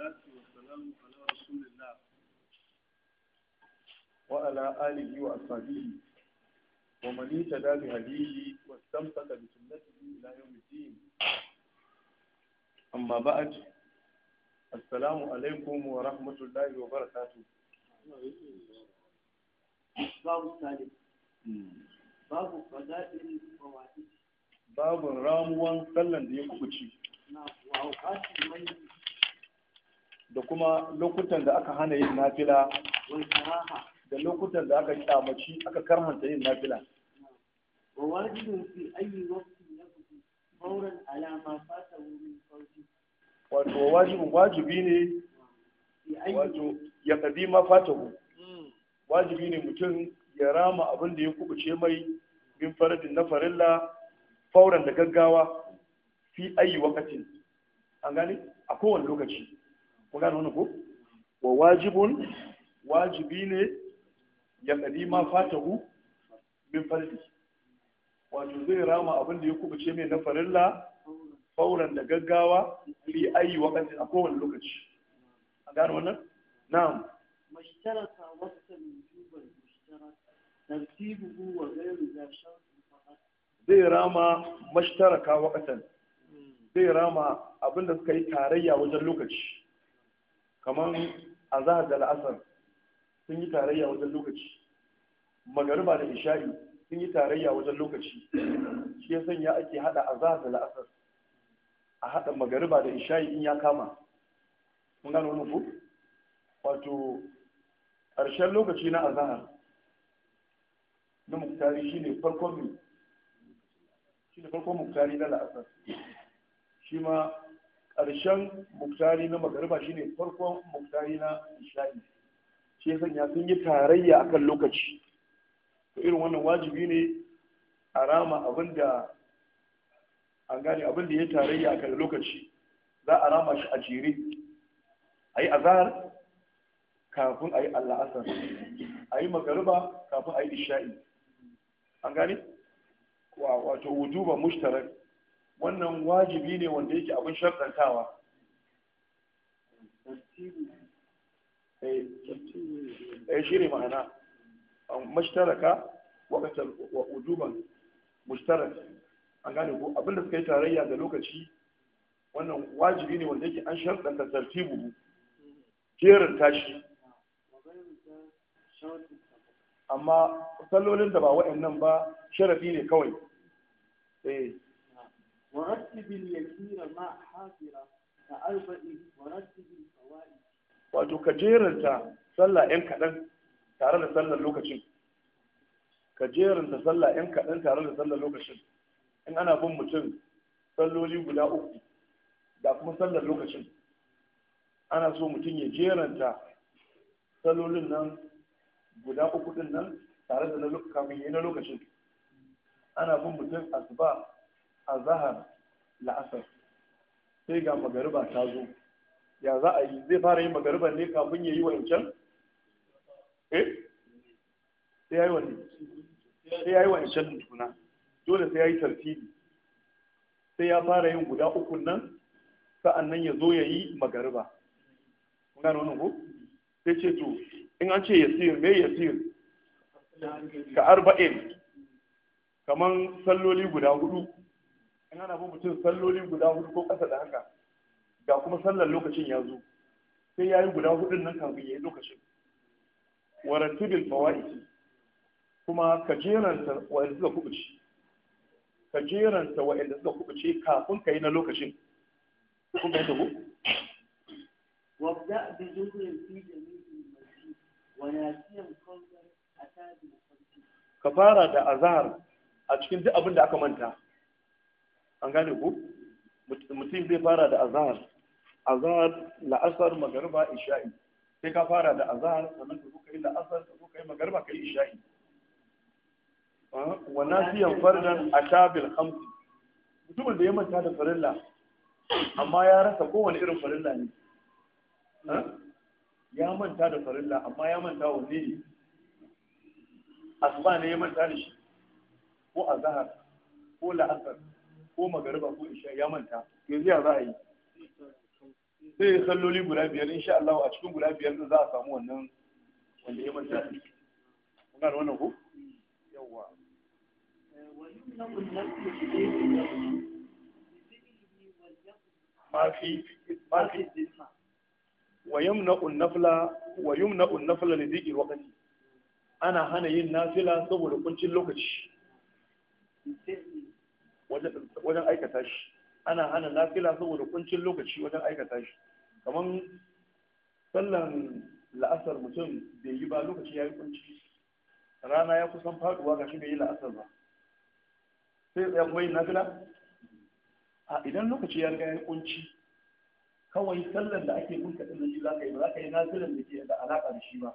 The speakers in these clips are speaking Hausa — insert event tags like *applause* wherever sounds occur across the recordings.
وعلى آله وأصحابه ومن اهتدى بهديه واستمسك بسنته إلى يوم الدين أما بعد السلام عليكم ورحمة الله وبركاته باب الثالث باب قضاء الفواتح باب راموان صلى الله عليه وسلم da kuma lokutan da aka hana yin nafila da lokutan da aka kyamaci aka karhanta yin nafila wato wajibin wajibi ne wato ya kadi ma fatahu hmm. wajibi ne mutum ya rama abin da ya kubuce mai bin faradin na farilla fauran da gaggawa fi ayi wakacin an gani a kowane lokaci ko wa wajibun wajibi ne ya kadi ma fatahu min fardi wato zai rama abin da ya kubuce mai na farilla fauran da gaggawa li ayi wakati a kowane lokaci a gane wannan na'am wa da zai rama mashtaraka waqtan zai rama abin da suka yi tarayya wajen lokaci kamar azahar da la'asar sun yi tarayya wajen lokaci magariba da isha'i sun yi tarayya wajen lokaci shi ya sanya ake hada azahar da la'asar a hada magariba da isha'i in ya kama mun gano wani ku wato ƙarshen lokaci na azahar na muktari shi ne farkon muktari na la'asar shi ma ƙarshen muktari na magariba shine farkon muktari na isha'i shi sanya sun yi tarayya akan lokaci to irin wannan wajibi ne a rama abin da an gane abin da ya tarayya akan lokaci za a rama shi a jere a yi azahar kafin a yi alla'asar a yi magariba kafin a yi isha'i an gane wato wujuba mushtarar wannan wajibi ne wanda yake abin sharɗantawa eh yi eh, ne ma'ana mashtaraka wakatar wa ujuban mashtarar an gane ko abinda suka yi tarayya da lokaci wannan wajibi ne wanda yake an sharɗanta tartibu jerin tashi amma sallolin da ba wa'annan ba sharafi ne kawai eh ورتب اليسير مع حافرة كأربع ورتب الفوائد wato ka jeranta sallah yan kaɗan tare da sallar lokacin ka jeranta sallah yan kaɗan tare da sallar lokacin in ana bin mutum salloli guda uku da kuma sallar lokacin ana so mutum ya jeranta sallolin nan guda uku din nan tare da kafin yi na lokacin ana bin mutum asuba azahar la'asar sai ga magariba ta zo ya za a yi zai fara yin magariba ne kafin ya yi wancan eh sai ya yi wani sai ya yi wancan tuna dole sai ya yi tartibi sai ya fara yin guda ukun nan sa'an nan ya zo ya yi magariba kun gano wannan ko sai ce to in an ce yasir me yasir ka arba'in Kamar salloli guda hudu in ana bin mutum salloli guda hudu ko ƙasa da haka ga kuma sallar lokacin ya zo sai ya yi guda hudun nan kafin ya yi lokacin warantibil mawa'iki kuma ka jeranta wa yadda suka kubuce ka jeranta wa yadda suka kubuce kafin ka yi na lokacin kun bayyana ku ka fara da azhar a cikin duk abin da aka manta an gane ku mutum zai fara da azahar azahar la'asar magariba isha'i sai ka fara da azahar sannan ka kuka yi la'asar ka yi kai magariba kai isha'i wa nasiyan fardan atabil hamsi mutumin da ya manta da farilla amma ya rasa kowane irin farilla ne ya manta da farilla amma ya manta wanne ne asuba ne ya manta da shi ko azahar ko la'asar ko magariba ko isha ya manta yanzu ya za a yi sai ya salloli guda biyar insha Allah a cikin guda biyar za a samu wannan wanda ya manta kun gane wannan ko yawa mafi mafi wa yamna'u an-nafla wa nafla ana hana yin nafila saboda kuncin lokaci wajen aikata shi ana hana nafila saboda kuncin lokaci wajen aikata shi kamar sallan la'asar mutum bai yi ba lokaci ya yi kunci rana ya kusan faduwa shi bai yi la'asar ba sai ya kuma yin nafila a idan lokaci ya riga ya yi kunci kawai sallan da ake kunka ɗin nan za ka yi ba za ka yi nafilan da ke da alaƙa da shi ba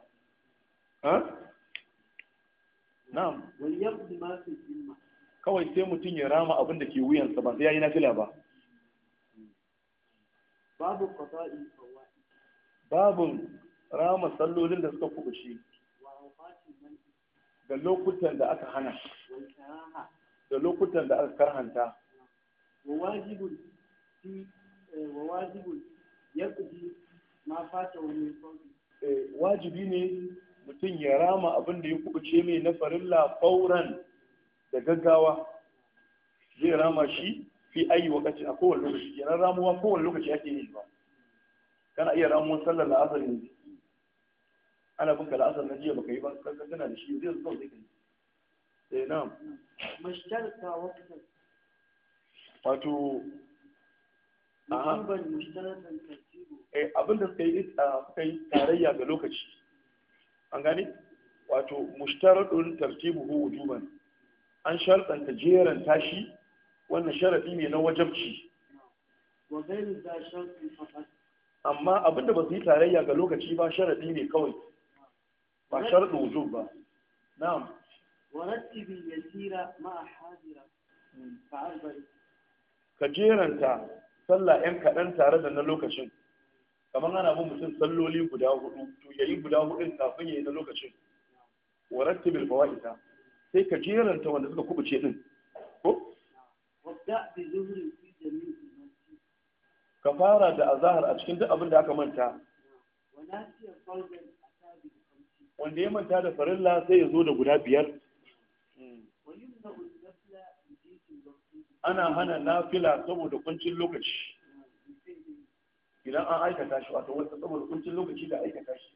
na'am wal yabdi ma fi zimma kawai sai mutum ya rama abin da ke wuyansa ba sai ya yi nafila ba babu qada'i babun rama sallolin da suka kubushe. da lokutan da aka hana da lokutan da aka karhanta wa wajibun eh, wa wajibun yaqdi ma fata wani. Eh, wajibi ne mutum ya rama abin da ya kubuce mai na farilla fauran da gaggawa zai rama shi fi ayi wakati a kowane lokaci kenan ramuwa kowane lokaci ake yi ba kana iya ramuwan sallar la'asar yanzu ana bin ka la'asar na jiya baka yi ba kankan da shi zai zo zai kai sai eh, na mashtarta wakatan wato eh, abin da suka yi ah, suka yi tarayya ga lokaci an gane wato mushtaradun tartibuhu wujuban an sharɗanta jeran tashi wannan sharaɗi ne na wajabci amma abinda ba su yi tarayya ga lokaci ba sharaɗi ne kawai ba sharaɗin wujub ba na'am ka jeranta sallah yan kaɗan tare da na lokacin kamar ana bin mutum salloli guda hudu to yayi guda hudun kafin yayi na lokacin warattibil fawa'ita sai ka jeranta wanda suka kubuce din ko ka fara da azahar a cikin duk abin da aka manta wanda ya manta da farilla sai ya zo da guda biyar ana hana nafila saboda kuncin lokaci idan an aikata shi wato wata saboda kuncin lokaci da aikata shi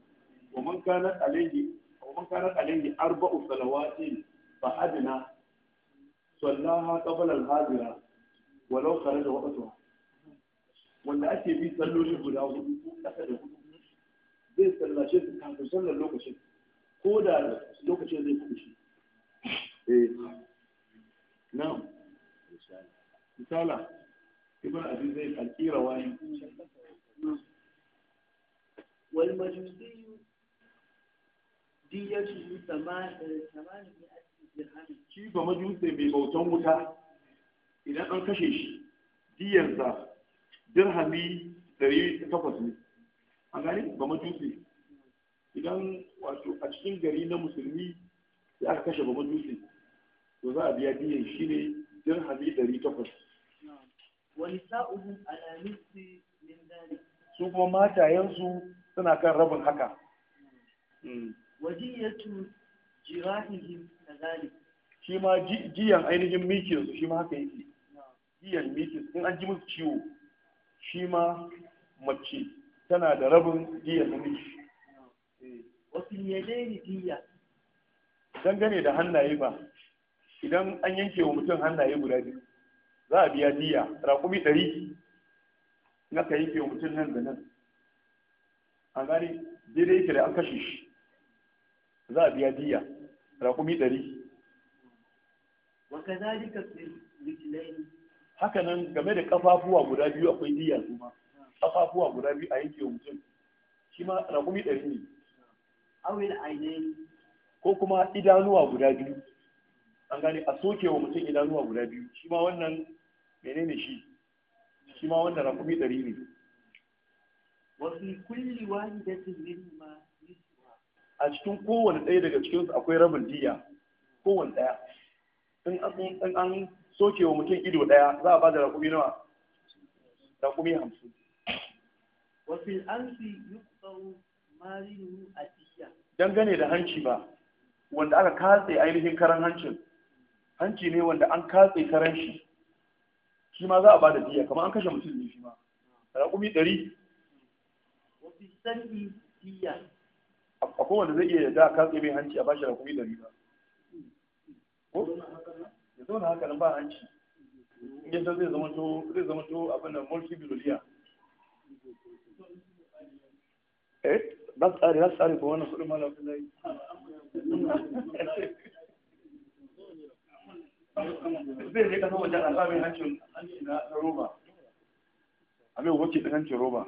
ومن كانت عليه ومن كانت عليه أربع صلوات فأدنى صلاها قبل الهاجرة ولو خرج وقتها wanda ake bi salloli guda hudu ko kasa da hudu zai sallace su kafin sallar lokacin ko da lokacin zai kuɗi shi eh, na misala ibn abi zai alƙira wani diyatu samani eh, shi ba mai bautan wuta idan an kashe shi diyansa dirhami ɗari takwas ne a gani ba majusi idan wato a cikin gari na musulmi ya aka kashe ba majusi to za a biya diyan shi ne dirhami ɗari takwas wani alamisi min su kuma matayensu suna kan rabin haka wajiyatu jirahihim kadhalik shi ma jiyan ainihin mikin shi ma haka yake jiyan mikin in an ji musu ciwo shi ma mace tana da rabin jiyan namiji eh, wasu ne yadaini jiya dangane da hannaye ba idan an yanke wa mutum hannaye guda biyu za a biya diya raƙumi ɗari na ka yanke wa mutum nan da nan a gani daidai ke da an kashe shi za a biya diya raƙumi ɗari haka nan game da kafafuwa guda biyu akwai diya su ma kafafuwa guda biyu a yanke mutum shi ma raƙumi ɗari ne awil aine. ko kuma idanuwa guda biyu an gane a soke wa mutum idanuwa guda biyu shi ma wannan menene shi shi ma wannan rakumi ɗari ne wasu kulli wani da ma a cikin kowane ɗaya daga cikinsu akwai rabin diya kowane ɗaya in an soke wa mutum ido ɗaya za a ba da rakumi nawa rakumi hamsin wasu ansi a marinu adiya dangane da hanci ba wanda aka katse ainihin karan hancin hanci ne wanda an katse karan shi shi ma za a ba da diya kamar an kashe mutum ne shi ma rakumi ɗari wasu sanyi diya akwai wanda zai iya yarda ka tsaye mai hanci a bashi rakumi ɗari ba ko ya zauna haka nan ba hanci in ya san zai zama to zai zama to abin nan mulki biloliya eh za su tsare za su tsare ko wannan kuɗin malam zai je kasan wajen al'amin hancin hanci na roba a mai ta ɗin hancin roba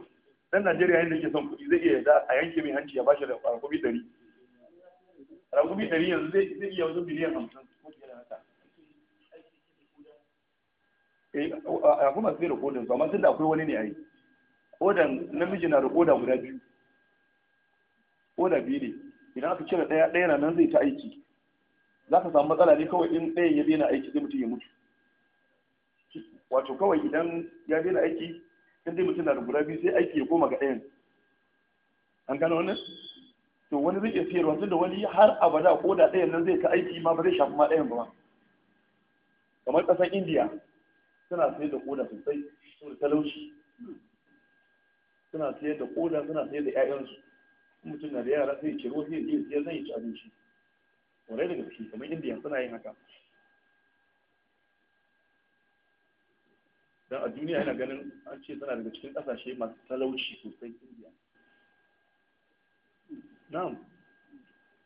dan Najeriya yadda yake son kuɗi zai iya yarda a yanke mai hanci ya ba shi da rakumi ɗari rakumi ɗari yanzu zai iya wajen biliyan hamsin eh, A kuma sai da kodin amma da akwai wani ne a yi kodan namiji na da koda guda biyu koda biyu ne idan aka cire ɗaya ɗaya na nan zai ta aiki za ka samu matsala ne kawai in ɗaya ya daina aiki zai mutum ya mutu wato kawai idan ya daina aiki sai dai mutum na da guda biyu sai aiki ya koma ga ɗayan an gano wannan to wani zai iya siyarwa da wani har abada ko da ɗayan nan zai ta aiki ma ba zai shafi ma ɗayan ba kamar ƙasar indiya suna sayar da koda sosai saboda talauci suna sayar da koda suna sayar da 'ya'yansu mutum na da yara sai ya ciro sai ya siyar zai ci abinci kwarai da gaske kamar indiya suna yin haka dan a duniya yana ganin an ce tana daga cikin kasashe masu talauci sosai indiya na'am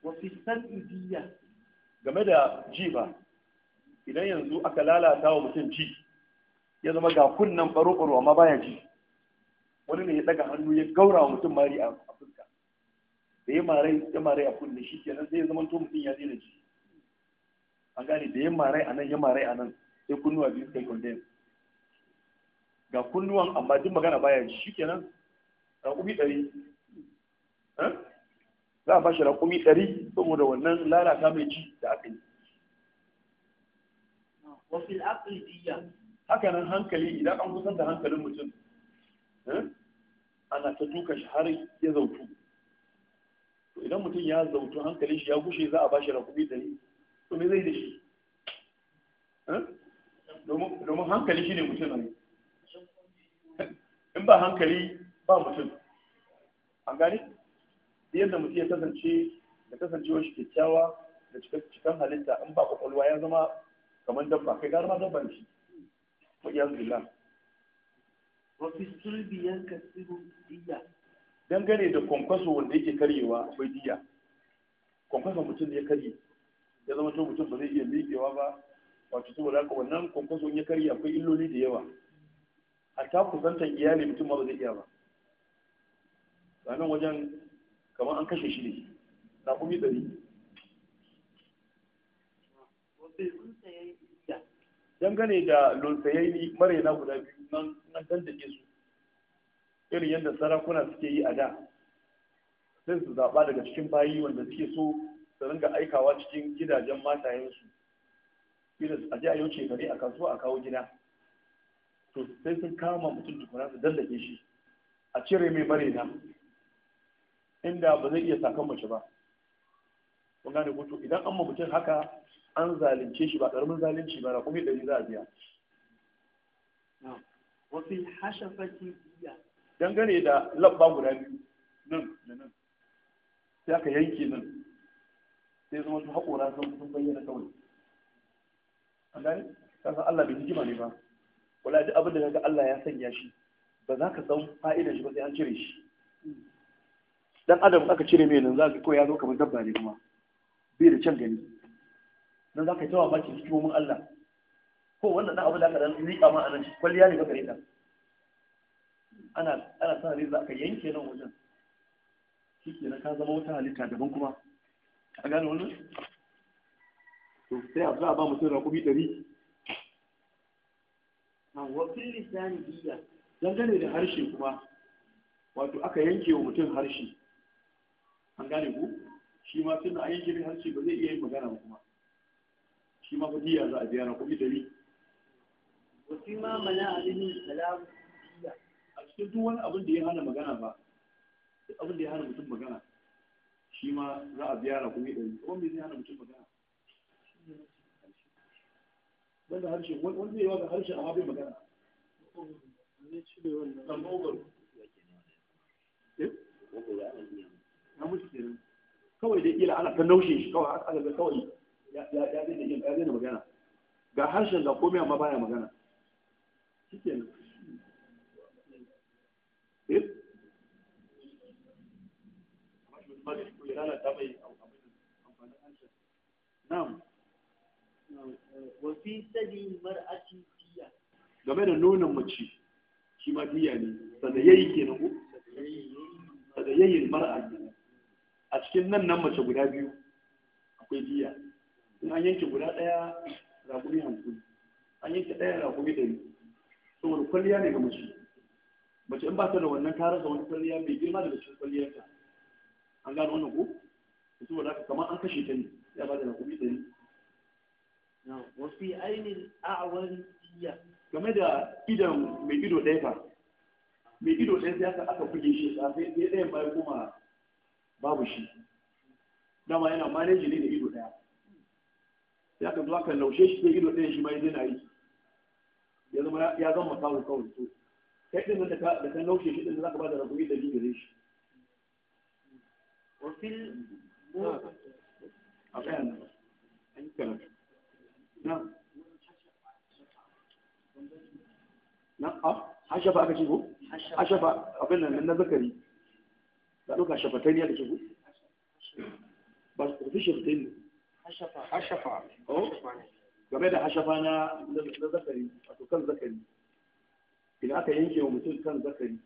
wa fi indiya game da ji ba idan yanzu aka lalata wa mutum ji ya zama ga kunnan baro-baro amma baya ji wani ne ya daga hannu ya gaura wa mutum mari a fuska da ya marai ya marai a kunne shi ke sai ya zama to mutum ya daina ji an gane da ya marai a nan ya marai a nan sai kunnuwa biyu sai yi condemn ga kunnuwan amma duk magana baya shi kenan raƙumi ɗari eh? za a bashi raƙumi ɗari saboda wannan lalata mai ji da aka yi haka nan hankali idan an kusan da hankalin mutum eh, ana ta duka shi har ya zautu to idan mutum ya zautu hankalin shi ya gushe za a bashi raƙumi ɗari to me zai da shi eh? domin hankali shi ne mutum ne in ba hankali ba mutum an gane yadda mutum ya kasance da kasancewar shi kyakkyawa da cikin halitta in ba kwakwalwa ya zama kamar dabba kai gara ma dabba ne wa iya zula wafi sulbi yanka siru diya dangane da kwankwaso wanda yake karyewa akwai diya kwankwaso mutum ya karye ya zama to mutum ba zai iya miƙewa ba wato saboda haka wannan kwankwaso ya karye akwai illoli da yawa A ta kusantar iyali mutum ma ba zai iya ba ranar wajen kamar an kashe shi ne na kumi ɗari dangane da mara maraina guda biyu nan da su irin yadda sarakuna suke yi a da sai su zaɓa daga cikin bayi wanda suke so su ringa aikawa cikin gidajen matayensu irin a ji a yau ce gari a kasuwa a kawo gida to sai sun kama mutum tukuna su dallake shi a cire mai na. inda ba zai iya sakan mace ba kun gane ko to idan an ma mutum haka an zalunce shi ba karamin zalunci ba kuma ɗari za a biya wasu hashafaki biya dangane da labba guda biyu nan da nan sai aka yanke nan sai zama su haƙora sun bayyana kawai an gane kasan Allah bai hikima ne ba wala duk abin da kaga Allah ya sanya shi ba za ka san fa'idar shi ba sai an cire shi dan adam aka cire mai nan za ka ko ya zo kamar dabba ne kuma bai da can gani nan za ka yi tawa ci hikimomin Allah ko wannan dan abu da ka dan rika ma anan kwalliya ne baka rika ana ana sa ne za ka yanke nan wajen na ka zama wata halitta daban kuma ka gane wannan to sai a ba mutum raƙumi ɗari wa fil lisani diya dangane da harshe kuma wato aka yanke wa mutum harshe an gane ku shi ma tun a yanke harshe ba zai iya yin magana ba kuma shi ma fa diya za a biya na kuɗi dari wa fi ma mana alimin salam a cikin duk wani abin da ya hana magana ba duk abin da ya hana mutum magana shi ma za a biya na kuɗi dari kuma me zai hana mutum magana wanda harshe wani zai yawa harshe magana eh? kawai dai ila ana ta naushe shi kawai aka ga kawai ya daina yin ya daina magana ga harshen ga komai amma baya magana wa fi sadi mar'ati diya game da nonon mace shi ma diya ne sadayayi kenan ko sadayayin mar'a a cikin nan nan mace guda biyu akwai diya in an yanke guda ɗaya rakumi hamsin an yanke ɗaya rakumi ɗari saboda kwalliya ne ga mace mace in ba ta da wannan ta da wani kwalliya mai girma daga cikin kwalliyarta an gano wannan ko saboda haka kamar an kashe ta ne ya ba da rakumi ɗari wa fi ainihin a'awariya game da idan mai ido ɗaya fa mai ido ɗaya sai aka aka buge shi sai ɗayan bayan kuma babu shi dama yana maneji ne da ido ɗaya Ya aka zo aka laushe shi sai ido ɗayan shi ma ya daina yi. ya zama ya zama kawo kawai to kai ɗin da ka da ka laushe shi ɗin za ka ba da rabu da ji gare shi wa fil a bayan an karatu na na a ah, hashafa aka ce ko hashafa abin nan na zakari da ɗauka shafatai ne aka ce ko ba su fi shafatai ne hashafa game da hashafa na zakari wato kan zakari idan aka yanke wa mutum kan zakari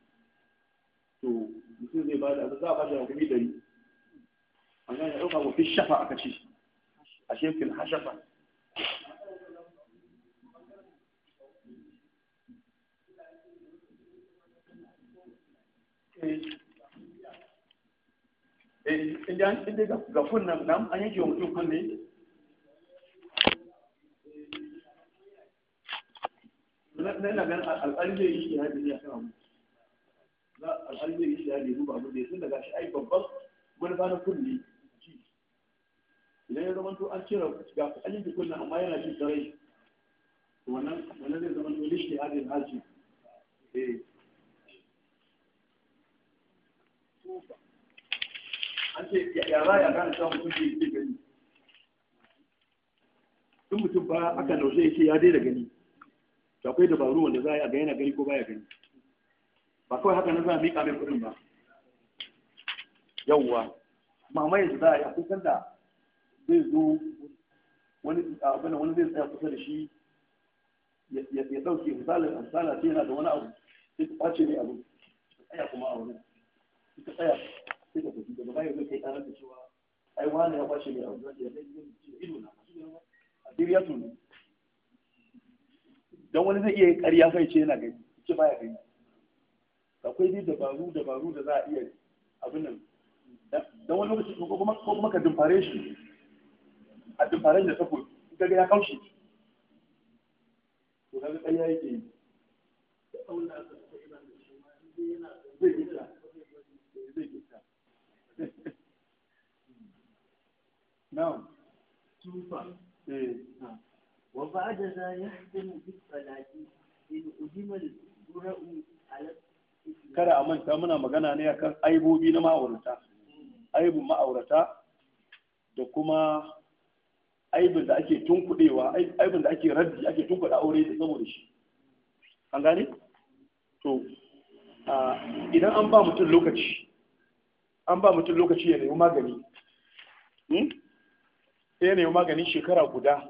to mutum zai bada za a bashi hukumi dari an gane ɗauka wa fi shafa aka ce a shefin hashafa nan an na yi yi ai babban idan ya zama to an cire ga an amma yana wannan zama to eh an ce ya za ya gane samun kuɗi ke gani Tun mutum ba aka naushe yake ya daina gani to akwai dabaru wanda za a ga yana gani ko baya gani ba kawai haka na za a miƙa mai kuɗin ba yawwa mama yanzu za a yi akwai sanda zai zo wani abin wani zai tsaya kusa da shi ya ɗauke misali misali ce yana da wani abu sai ta ɓace mai abu ta tsaya kuma a wani ta tsaya sai ka tafi daga baya zai kai karar da cewa ai wani ya kwashe mai abu da ya zai ido na masu a diriya tuni don wani zai iya yin ƙarya sai ce yana gani ce baya gani akwai dai dabaru dabaru da za a iya abin nan don wani lokaci ko kuma ko kuma ka dumfare shi a dumfare da sako ka ga ya kaushe to kaga ƙarya yake yi zai yi *laughs* na'am tufa eh ah. wa ba'da za kada a manta muna magana ne akan aibobi na ma'aurata aibun ma'aurata da kuma aibin da ake tunkuɗewa aibin da ake raddi ake tunkuɗa aure da saboda shi an gane to ah, idan an ba mutum lokaci an ba mutum lokaci ya nemi magani hmm? sai ya nemi magani shekara guda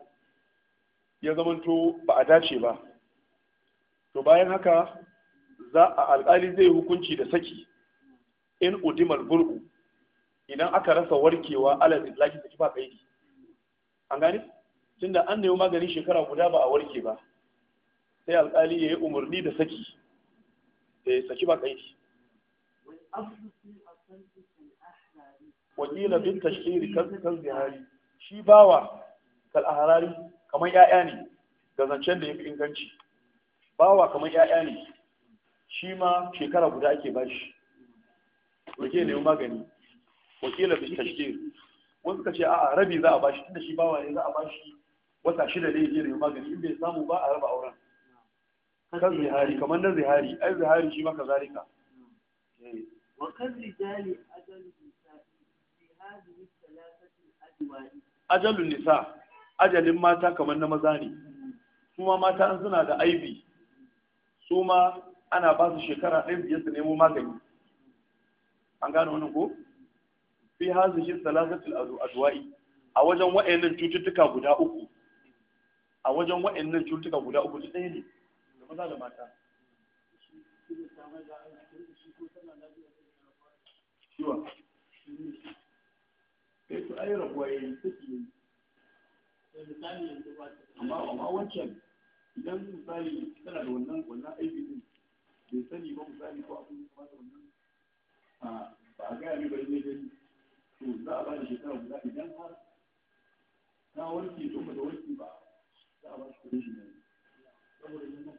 ya zamanto ba a dace ba to bayan haka za a alƙali zai hukunci da saki in udimar bur'u idan aka rasa warkewa alal itlaki saki ba kaidi an tun tunda an nemi magani shekara guda ba a warke ba sai alkali ya yi umarni da saki da eh, saki ba kaidi wakila bin tashkiri kan zihari shi bawa kal kamar ya'ya ne ga zancen da ya fi inganci bawa kamar ya'ya ne shi ma shekara guda ake bashi wake ne magani wakila bin tashiri wasu ka ce a rabi za a bashi tunda shi bawa ne za a bashi wata shida ne je ne magani in bai samu ba a raba auren kan zihari kamar na zihari ai zihari shi ma zarika. Eh. ajalun nisa ajalin mata kamar na maza ne kuma mata an suna da aibi su ma ana ba su shekara ɗaya biyar su nemo magani an gano wani ko fi hazihi salasatul adwa'i a wajen wa'annan cututtuka guda uku a wajen wa'annan cututtuka guda uku ɗaya ne da maza da mata ciwon kai eh, su ai rabuwa ya yi saki ne amma amma wancan idan misali tana da wannan wannan aibi din bai sani ba misali ko abin da ba da wannan ba a gaya ni ba ne gani to za a ba da shekara guda idan har na wanke to ba da wanke ba za a ba shi kuɗin shi ne saboda neman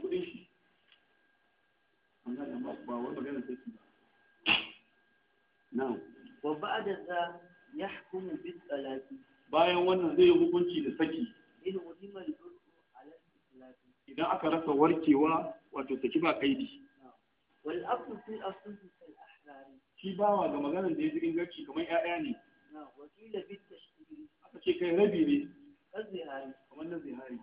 kuɗin shi shi. amma ba wani magana saki ba na'am wa ba'da za yahkumu bis salati bayan wannan zai yi hukunci da saki wani mai in wajima al idan aka rasa warkewa wato saki ba kaidi wal aqlu fil asl fil ahrari shi bawa ga maganar da ya ji inganci kamar 'ya'ya ne Na wakila bit tashkiri aka ce kai rabi ne kan zihari kamar na zihari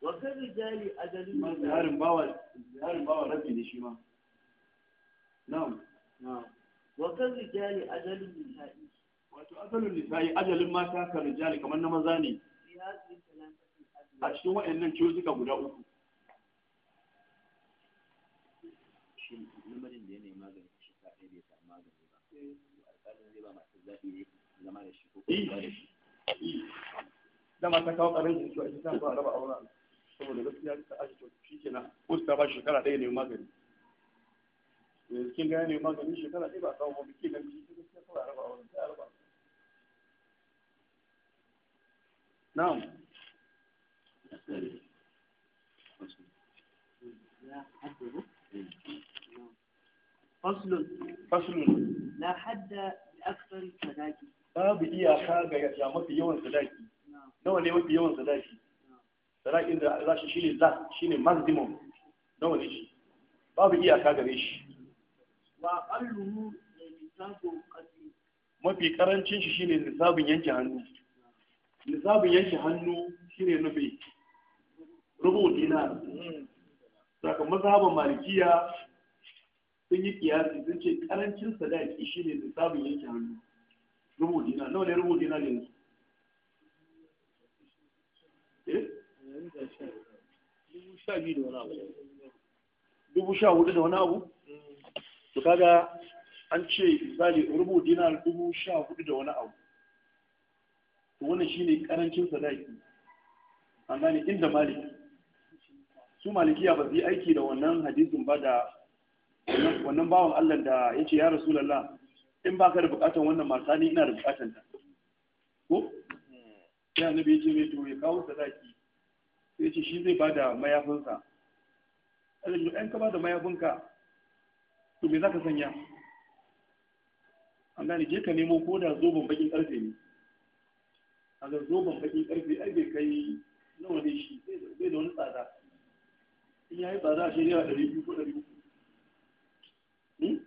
wa kan rijali ajalin ma ziharin bawa ziharin bawa rabi ne shi ma na'am na'am وكالرجال أجل النساء وأجل النساء أجل ما كان الرجال كمان مزاني a cikin waɗannan cutuka guda uku shi lamarin da ya nemi magani shi ta ɗaya bai samu magani ba alƙalin zai ba masu zaɓi ne zama da shi ko kuma da shi da mata kawo ƙarin da shi a cikin ba raba aura saboda gaskiya ta ashe shi kenan ko ta ba shekara ɗaya ne magani نعم فصل فصل لا حد لاكثر الصداقه باب دي اخر يا يا مفي يوم الصداقه نعم لو اللي يوم الصداقه صداقه اذا شيء شيء ماكسيموم نو ليش باب دي اخر غريش ba qalluhu nisabu mafi karancin shi shine nisabin yanke hannu nisabin yanke hannu shine nufi rubu dinar saka mazhaban malikiya sun yi kiyasi sun ce karancin sadaki shine nisabin yanke hannu rubu dina nawa ne rubu dina yanzu eh? dubu sha biyu da wani abu dubu sha hudu da wani abu mm. to kaga an ce misali rubu dinar dubu sha hudu da wani abu to wannan shine karancin sadaki an gane inda maliki su malikiya ba su yi aiki da wannan hadisin ba da wannan bawan Allah da ya ce ya rasulallah in ba ka da bukatan wannan mata ni ina da bukatan ta ko ya nabi ya ce mai to ya kawo sadaki Ya ce shi zai ba da mayafinsa alhaji ɗan ka ba da mayafinka to me za ka sanya an gane je ka nemo ko da zoben bakin karfe ne a ga zoben bakin karfe ai bai kai nawa ne shi bai da wani tsada in ya yi tsada a shirya ɗari biyu ko ɗari uku hmm?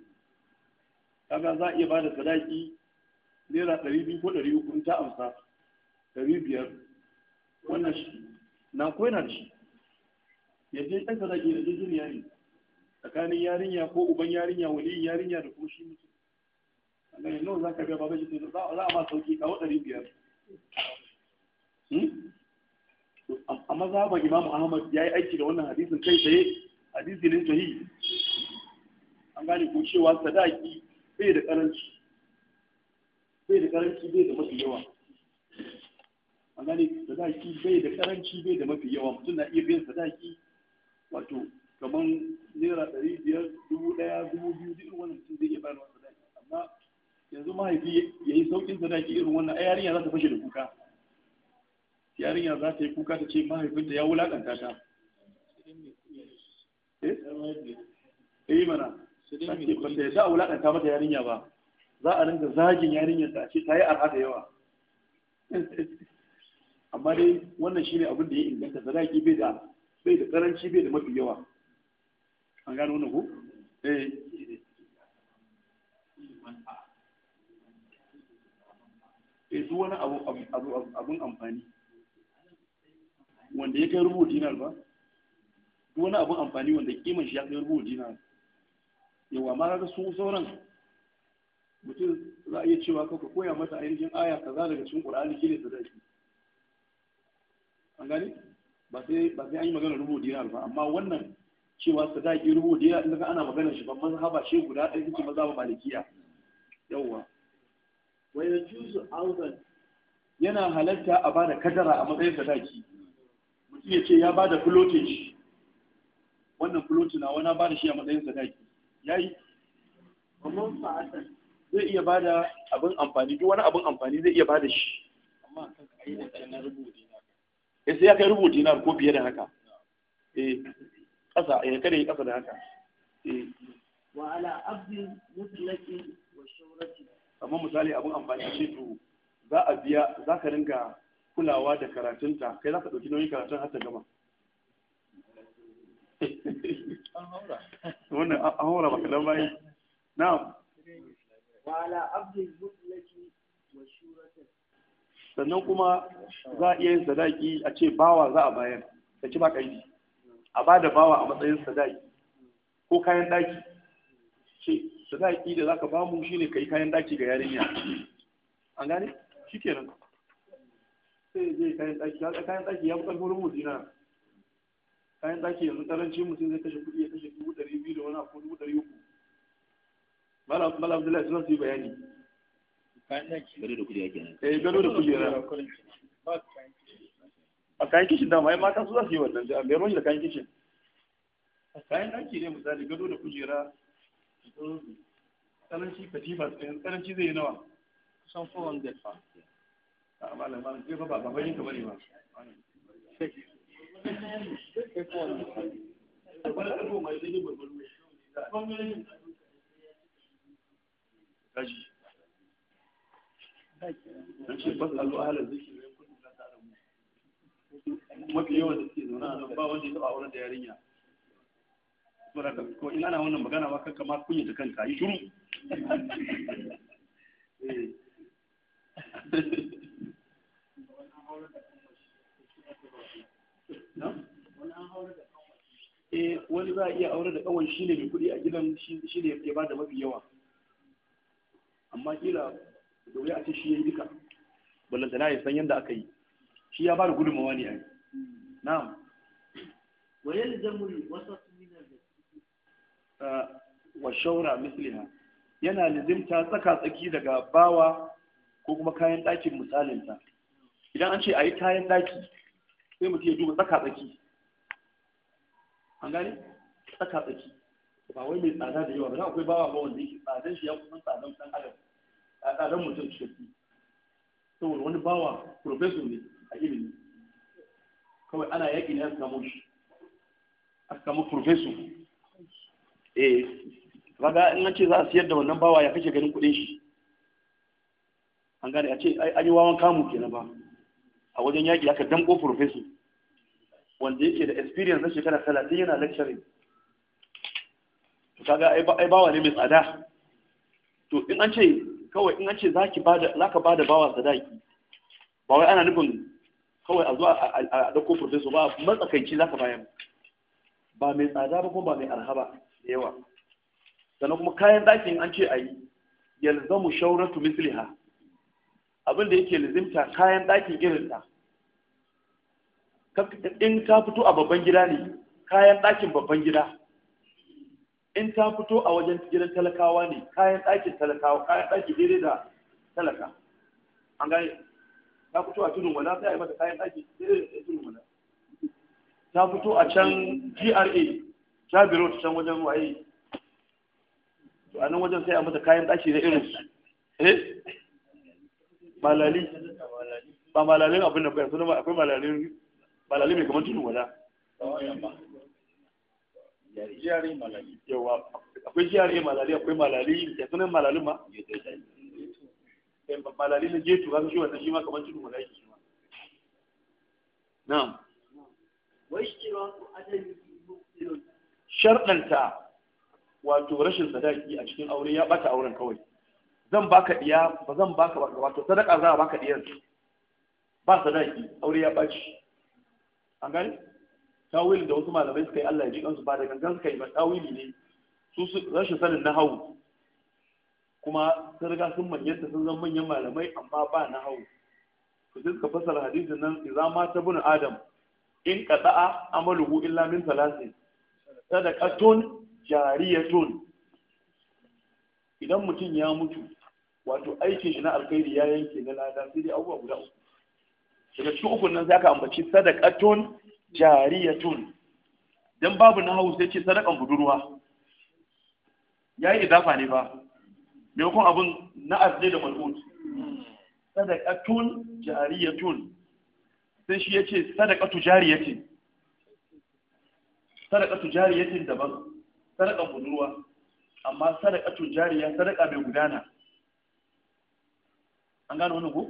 kaga za a iya ba da sadaki naira ɗari biyu ko ɗari uku in ta amsa ɗari biyar wannan shi na koyar da shi ya je ɗan sadaki da jirgin yari tsakanin yarinya ko uban yarinya waliyin yarinya da kuma shi mutum Allah ya nawa ka ga baba shi za a ma sauki kawo ɗari biyar hmm? amma zaba Imam Ahmad ya yi aiki da wannan hadisin kai tsaye hadisi ne sahihi an gane ko cewa sadaki bai da karanci bai da karanci bai da mafi yawa an gane sadaki bai da karanci bai da mafi yawa mutum na iya biyan sadaki wato kamar naira ɗari biyar dubu ɗaya dubu biyu duk wannan mutum zai iya bayarwa sadaki amma yanzu mahaifi ya yi sauƙin sadaki irin wannan a yarinya za ta fashe da kuka yarinya za ta yi kuka ta ce mahaifinta ya wulaƙanta ta eh, eh mana ta ce ba ta yadda a wulaƙanta mata yarinya ba za a rinka zagin yarinyar ta ce ta yi arha da yawa *laughs* amma dai wannan shine abin da ya inganta sadaki bai da bai da karanci bai da mafi yawa an gano wannan ko eh eh duk wani abun amfani wanda ya kai rubu dinar ba duk wani abun amfani wanda kiman shi ya kai rubu dinar yawa ma ga su sauran mutum za a iya cewa kaka koya mata ainihin aya kaza daga cikin qur'ani shine sadaki an gane ba sai ba sai an yi magana rubu dinar ba amma wannan cewa sadaki rubu da ya daga ana magana shi ban mazhaba shi guda ɗaya maza ba malikiya yawwa wa juzu auzan yana halatta a bada kadara a matsayin sadaki mutum ya ce ya bada floating shi wannan floating na wani bada shi a matsayin sadaki yi amman fa'atan zai iya bada abin amfani duk wani abin amfani zai iya bada shi amma kan na rubuta eh, sai ya kai rubuta ko fiye da haka eh ƙasa eh, ya kare ƙasa da haka eh. wa ala abdin mutlaqi wa shawrati amma misali abin amfani shi to za a biya za ka ringa kulawa da karatunta kai za ka ɗauki nauyin karatun har ta gama wannan an haura ba nan bayan na'am wa ala abdin mutlaqi wa shurati sannan kuma za a iya yin sadaki a ce bawa za a bayar da ci ba kaidi a ba da bawa a matsayin sadaki ko kayan daki ce sadaki da zaka ne shine kai kayan daki ga yarinya an gane shikenan sai je kayan daki ya kayan daki ya buƙatar wurin mutina kayan daki yanzu karancin mutum zai kashe kuɗi ya kashe dubu ɗari biyu da wani abu dubu ɗari uku malam Abdullahi suna su yi bayani kayan daki gado da kuɗi ya kenan eh gado da kuɗi a kayan kishin dama yan mata su za su yi wannan da mai da kayan kishin kayan ɗanki ne misali gado da kujera tsananci katifa tsananci zai yi nawa kusan 400 fa a malam malam eh, ba ba ba ka bane ba mafi yawan da suke zaune a nan ba wanda ya taɓa auren da yarinya saboda ko in ana wannan magana ma kanka ma kunya ta kanka yi shiru eh, eh wani za a iya aure da kawai shi ne mai kuɗi a gidan shi ne ya da mafi yawa amma kila da wuya a ce shi ya yi duka ballantana ya san yadda aka yi shi ya ba da gudunmawa ne yi. na'am wa yalzamu wasat min al ah, wa shawra misliha yana lizimta tsaka tsaki daga bawa ko kuma kayan ɗakin misalinta idan an ce a yi kayan ɗaki sai mutum ya duba tsaka tsaki an gane tsaka tsaki ba wai mai tsada da yawa ba akwai bawa ba wanda yake tsadan shi ya kusan tsadan ɗan adam a tsadan mutum cikakke saboda wani bawa profesor ne a ilimi kawai ana yaƙi ne a samu shi eh in an ce za a siyar da wannan bawa ya kace ganin kuɗin shi an gane a ce an yi wawan kamu kenan ba a wajen yaƙi aka damƙo profesor wanda yake da experience na shekara talatin yana lecturing to kaga ai bawa ne mai tsada to in an ce kawai in an ce za ka bada bawa sadaki ba wai ana nufin kawai a zuwa a ɗauko profesor ba matsakaici za ka bayan ba mai tsada ba kuma ba mai arha ba da yawa sannan kuma kayan ɗakin an ce a yi yalzamu shauratu misliha abin da yake lizimta kayan ɗakin irin ta. in ta fito a babban gida ne kayan ɗakin babban gida in ta fito a wajen gidan talakawa ne kayan ɗakin talakawa kayan ɗakin daidai da talaka an gane ta fito a tudun wala sai a yi mata kayan ɗaki tudun wala ta fito a can GRA ta biro ta can wajen waye to a nan wajen sai a mata kayan ɗaki da irin su eh malali ba malali abin da bayan sunan akwai Malali. malali mai kamar tudun wala yawa akwai GRA malali akwai malali ya sunan Malali ma malali na getu kaga shi wannan shi ma kamar tudun wala yake shi ma na'am wa ishtiratu adami muqtilun sharɗanta wato rashin sadaki a cikin aure ya ɓata auren kawai zan baka diya ba zan baka wato sadaka za a baka diyar ba sadaki aure ya ɓaci. an gani tawil da wasu malamai suka yi Allah ya ji kansu ba da gangan suka yi ba tawili ne su rashin sanin na hau. kuma sun riga sun manyanta sun zama manyan malamai amma ba na hau su suka fasar hadisin nan zama ma bin adam in qada'a amaluhu illa min salasin sadaqatun jariyatun idan mutum ya mutu wato aikin shi na alkhairi ya yanke na lada sai dai abubuwa guda uku daga cikin uku nan zaka ambaci sadaqatun jariyatun dan babu na hau sai ce sadakan budurwa yayi idafa ne ba maimakon abin na ne da mal'ud sadaqatun jariyatun sai shi yace sadaqatu jariyatin sadaqatu jariyatin daban sadaqa budurwa amma sadaqatu jariya sadaqa mai gudana an gano wannan ko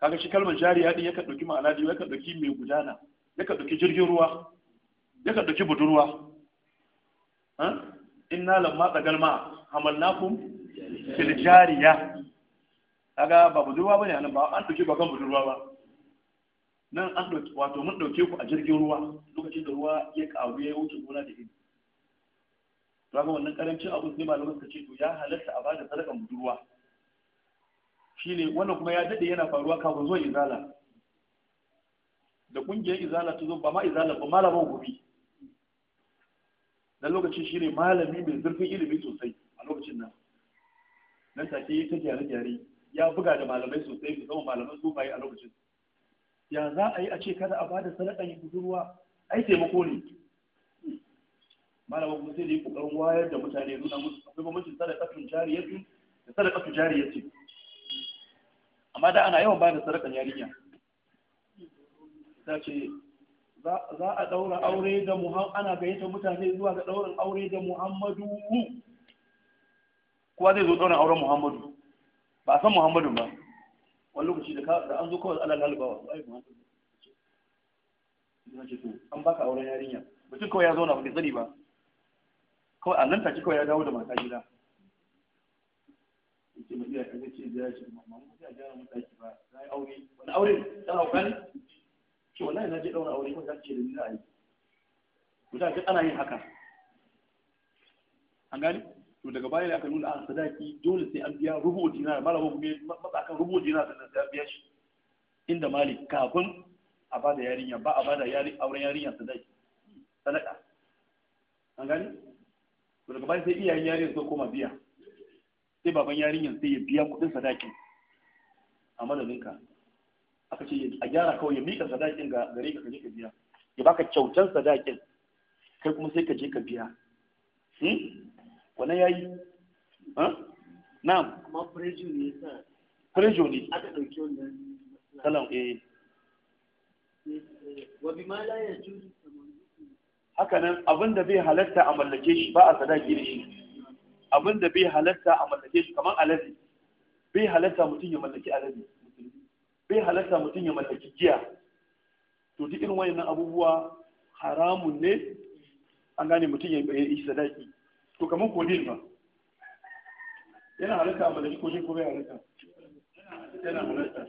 kaga shi kalmar jariya din yakan dauki ma'ana din yakan dauki mai gudana yakan dauki jirgin ruwa yakan dauki budurwa hm? inna lamma tsagal hamalnakum filjariya kaga ba budurwa bane anan ba an dauke ba kan budurwa ba nan an dauke wato mun dauke ku a jirgin ruwa lokacin da ruwa ya karu ya wuce gona da gini to ga wannan karancin abu sai malamin suka ce to ya halatta a bada sadakan budurwa shine wannan kuma ya dade yana faruwa kafin zuwa izala da kungiyar izala ta zo ba ma izala ba malaman gobe dan lokacin shine malami mai zurfin ilimi sosai a lokacin nan nan take ta gyare-gyare ya buga da malamai sosai musamman malaman sufaye a lokacin ya za a yi a ce kada a bada yin budurwa ai taimako ne malamin kuma sai da yi kokarin wayar da mutane nuna musu akwai bambancin sadakatun jariyatu da sadakatun jariyatu amma da ana yawan bada sadakan yarinya ta ce za a daura aure da muhammadu ana gayyata mutane zuwa ga dauran aure da muhammadu kowa zai zo ɗaurin auren muhammadu ba a san muhammadu ba wani lokaci da an zo kawai ala lalibawa su aiki muhammadu ce to an baka auren yarinya mutum kawai ya zauna ba ka sani ba kawai annan take kawai ya dawo da mata gida yake mai iya kaga ce da ya ce mamma mu ya gyara mu daki ba na yi aure wani aure dan hauka ne ce wallahi na je daura aure ko za ce da ni za a yi to da ana yin haka an gani to daga baya aka nuna a sadaki dole sai an biya rubu dinar malamin kuma matsa kan rubu dinar sannan sai an biya shi inda malik kafin a bada yarinya ba a bada auren yarinya sadaki sadaka an gani to daga baya sai iyayen yarinya sun koma biya sai baban yarinyan sai ya biya kudin sadakin a madadinka aka ce a gyara kawai ya miƙa sadakin ga gare ka je ka biya ya baka kyautan sadakin kai kuma sai ka je ka biya hmm? ya yi? na'am amma prejo ne yasa prejo ne aka dauki wannan salam eh wa bima la yajuzu hakanan abin da bai halatta a mallake shi ba a sadaki da shi abin da bai halatta a mallake shi kamar alade bai halatta mutum ya mallaki alade bai halatta mutum ya mallaki giya to duk irin wayannan abubuwa haramun ne an gane mutum ya yi sadaki to kamar kodin ba yana halitta a da kodin ko bai halitta yana halitta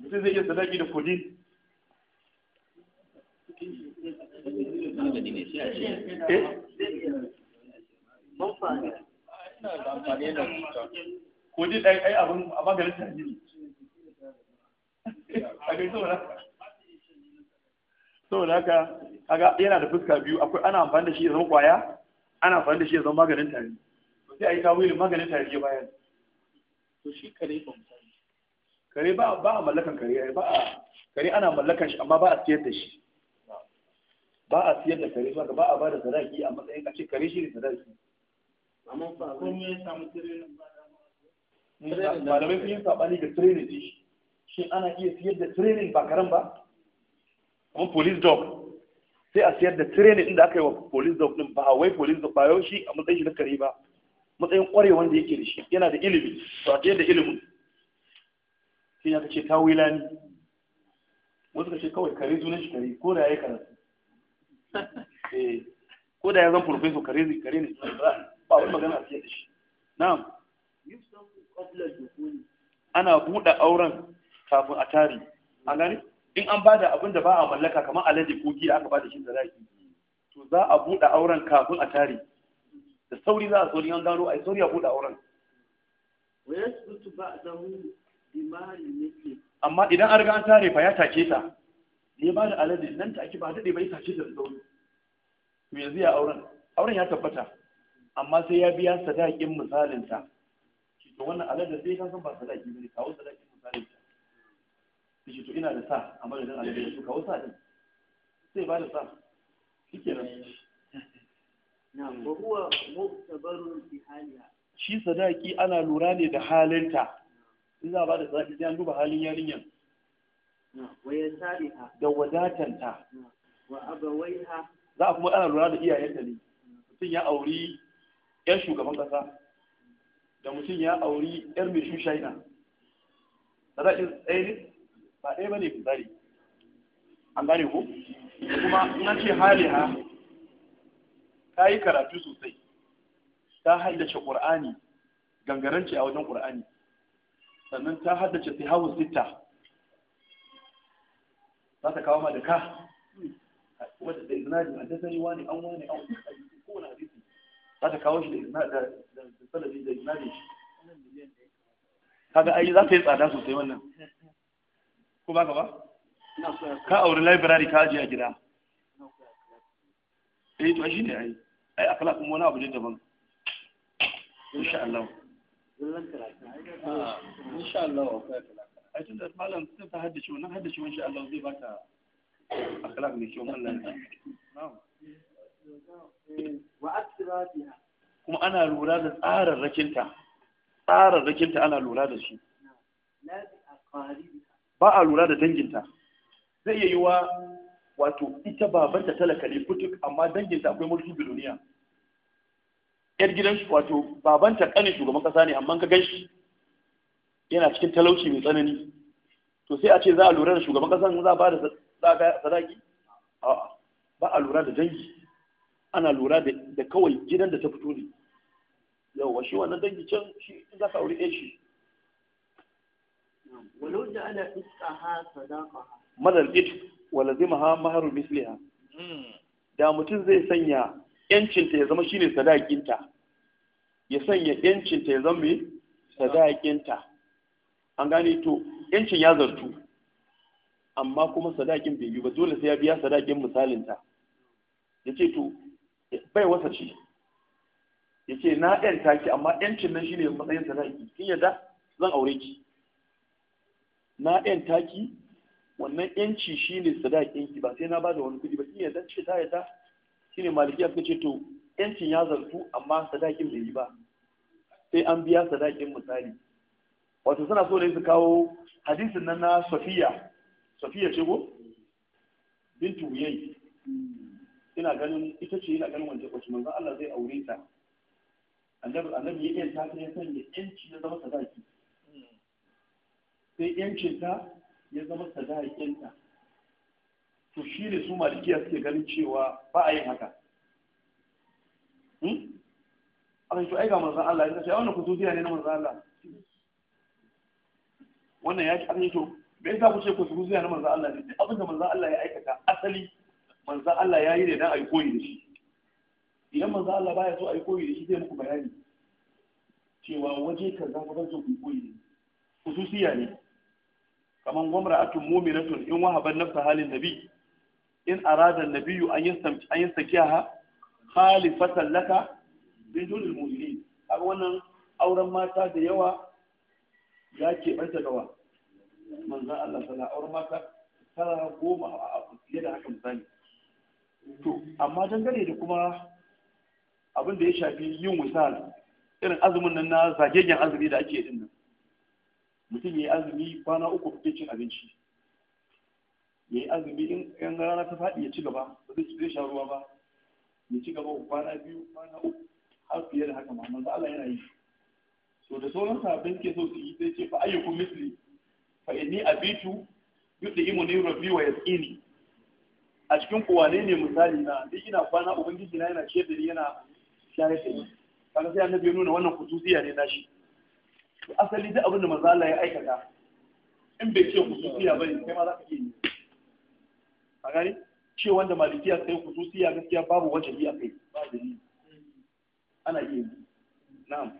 mutum zai iya sadaki da kodin eh? kodin ɗai ai abin a maganin tajiri a kai saboda saboda haka kaga yana da fuska biyu akwai ana amfani da shi ya zama kwaya ana fara da shi zan maganin tari to sai ai yi tawilin maganin tari ya bayar to shi kare ba kare ba ba a mallakan kare ba kare ana mallakan shi amma ba a siyar da shi ba a siyar da kare ba ba a bada sadaki a matsayin a kare shi ne sadaki amma ba kun yi samu tirenin ba malamai sun yi sabani da training shi shin ana iya siyar da training ba karen ba kuma police dog sai a siyar da training din da aka yi wa police dog din ba wai police dog ba yau shi a matsayin shi na kare ba matsayin kwarewan da yake da shi yana da ilimi to a siyar da ilimin shi ya kace ta wilani wasu kace kawai kare sunan shi kare ko da yayi karatu *laughs* eh ko da ya zan professor kare zai kare ne ba wani magana a siyar da shi na'am ana buɗe auren kafin a tari an gani in an bada abin da ba a mallaka kamar alade ko giya aka bada shi da zaki, to za a buɗe auren kafin a tare da sauri za a sauri an gano a sauri a buɗe auren amma idan an riga an tare fa ya take ta ne ba da alade nan ta ake ba daɗe bai tace da sauri to yanzu ya auren auren ya tabbata amma sai ya biya sadakin misalinta to wannan alade sai kan san ba sadaki ne kawo sadakin misalinta shi to ina da sa a madadin alade da su kawo sa din sai ba da sa shikenan na'am wa huwa mu'tabarun fi haliha shi sadaki ana lura ne da halinta in za ba da sadaki sai an duba halin yarinyar da wadatanta za a kuma ana lura da iyayenta ne mutum ya auri 'yan shugaban kasa da mutum ya auri 'yar mai shushaina sadaki tsaye ne ba ɗaya ba ne fitsari an gane ko kuma na ce hali ha ta yi karatu sosai ta haddace ƙur'ani gangaranci a wajen ƙur'ani sannan ta haddace hawa sitta za ta kawo ma da ka kuma da iznadin a dasari wani an wani an kowane hadisi za ta kawo shi da salabi da iznadin shi kaga ai za ta yi tsada sosai wannan ko ba ka ba ka auri library ka aje a gida eh to shi ne ai ai akhlaq kuma wani abu ne daban insha Allah insha Allah ai tunda malam sai ta haddace wannan haddace insha Allah zai baka akhlaq ne kyau mallan na'am wa asrafiha kuma ana lura da tsararrakinta tsararrakinta ana lura da su la bi aqaribi ba a lura da danginta zai iya yiwa wato ita babanta talaka ne kutuk amma danginta akwai mulki duniya yar gidan wato babanta kanin shugaban kasa ne amma ka ganshi yana cikin talauci mai tsanani to sai a ce za a lura da shugaban kasa za a ba da sadaki a'a ba a lura da dangi ana lura da kawai gidan da ta fito ne yauwa shi wannan dangi can shi in za ka aure shi walau ja'ala isqaha sadaqaha madal it ha maharu misliha da mutum zai sanya yancinta ya zama shi ne sadakinta ya sanya yancinta ya zama sadakinta an gane to yancin ya zartu amma kuma sadakin bai yi ba dole sai ya biya sadakin misalinta ya ce to bai wasa ce ya ce na yanta ki amma yancin nan shi ne matsayin sadaki kin yadda zan aure ki na ɗan taki wannan yanci ne sadakin ki ba sai na bada wani kuɗi ba kin yadda ce ta yadda shine malikiya suka ce to yancin ya zartu amma sadakin bai yi ba sai an biya sadakin misali wato suna so ne su kawo hadisin nan na safiya safiya ce ko bintu yayi ina ganin ita ce ina ganin wancan kwaci manzan Allah zai aure ta annabi annabi ya yanta ta ya sanya yanci ya zama sadaki sai yancinta ya zama sadakinta to shi ne su malikiya suke ganin cewa ba a yin haka hmm? a kan to ga manzan Allah ya ce wannan kususiya ne na manzan Allah wannan ya ci an yi to bai za ku ce kususiya na manzan Allah ne duk abin da manzan Allah ya aikata asali manzan Allah ya yi ne dan a yi koyi da shi idan manzan Allah baya so a yi koyi da shi zai muku bayani cewa waje ka zama zan so ku koyi kususiya ne kaman gwamra'atun mu'minatun in wahaban nafsa halin nabi in arada nabiyyu an yi an ha khalifatan laka min dunil mu'minin kaga wannan auren mata da yawa ya ke banta gawa manzon Allah sallallahu alaihi auren mata tara goma a fiye da haka misali to amma dangane da kuma abin da ya shafi yin misali irin azumin nan na zagegen azumi da ake yin nan mutum ya yi azumi kwana uku fitin cin abinci ya yi azumi in yan rana ta faɗi ya ci gaba ba zai sha ruwa ba ya ci gaba kwana biyu kwana uku har fiye da haka ma manzo Allah yana yi so da sauran sabbin ke so su yi sai ce fa ayyuku misli fa inni abitu ne rabbi wa yasini a cikin kuwa ne ne misali na duk ina kwana ubangiji na yana ciyar da ni yana shayar da ni kaga sai annabi ya nuna wannan khususiya ne na shi asali duk abin da manzo Allah ya aikata in bai ce khususiya bane kai ma za ka iya yi a gani ce wanda malikiya sai khususiya gaskiya babu wajahi a kai ba da dalili ana iya yi na'am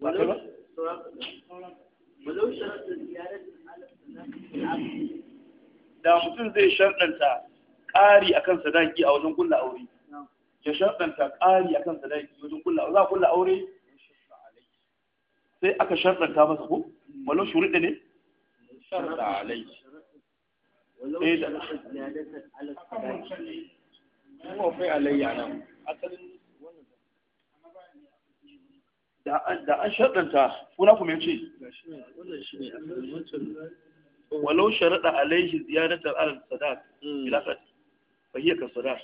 ba ta ba da mutum zai sharɗanta ƙari akan sadaki a wajen kulla aure ya sharɗanta ƙari akan sadaki wajen kulla aure za a kulla aure sai aka sharɗanta masa ko walau shuruɗi ne sharɗa alai eh da kuma kai alayya nan da an sharɗanta kuna kuma ya ce walau alai alaihi ziyaratar alal sadat hmm. ilakat fahiyar ka sadat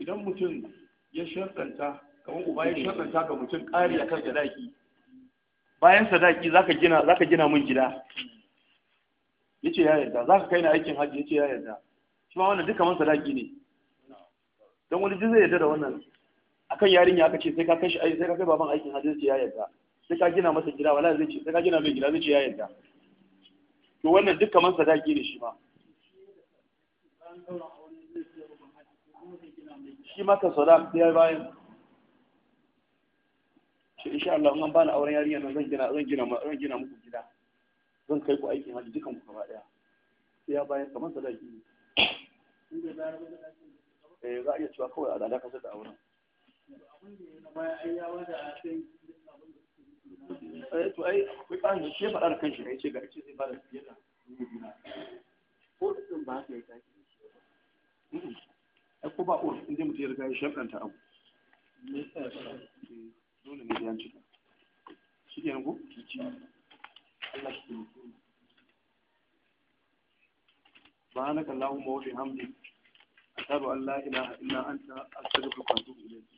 idan mutum ya sharɗanta kamar uba ya sharɗanta ga mutum ƙari akan sadaki bayan sadaki zaka gina zaka gina mun gida yace ya yarda zaka kai ni aikin hajji yace ya yarda shi ma wannan duka man sadaki ne dan wani zai yarda da wannan akan yarinya aka ce sai ka kai shi sai ka kai baban aikin hajji yace ya yarda sai ka gina masa gida wala zai ce sai ka gina mai gida zai ce ya yarda to wannan duka man sadaki ne shi ma shi ma ka sadaki ya bayan ce insha Allah in an bani auren yarinya nan zan gina zan gina zan gina muku gida zan kai ku aiki haji dukan ku gaba daya ya bayan kamar sadaki ne eh za a iya cewa kawai a dada kasar da auren eh to ai akwai tsarin da ke faɗa da kanshi ne ce ga ce zai da fiye da ko din ba ka yi taki ko ba ko inda mutum ya riga ya shakanta abu dole ne yanci cika shi ne ko kici Allah shi ke subhanaka allahumma wa bihamdik ashhadu an la ilaha illa anta astaghfiruka wa atubu ilayk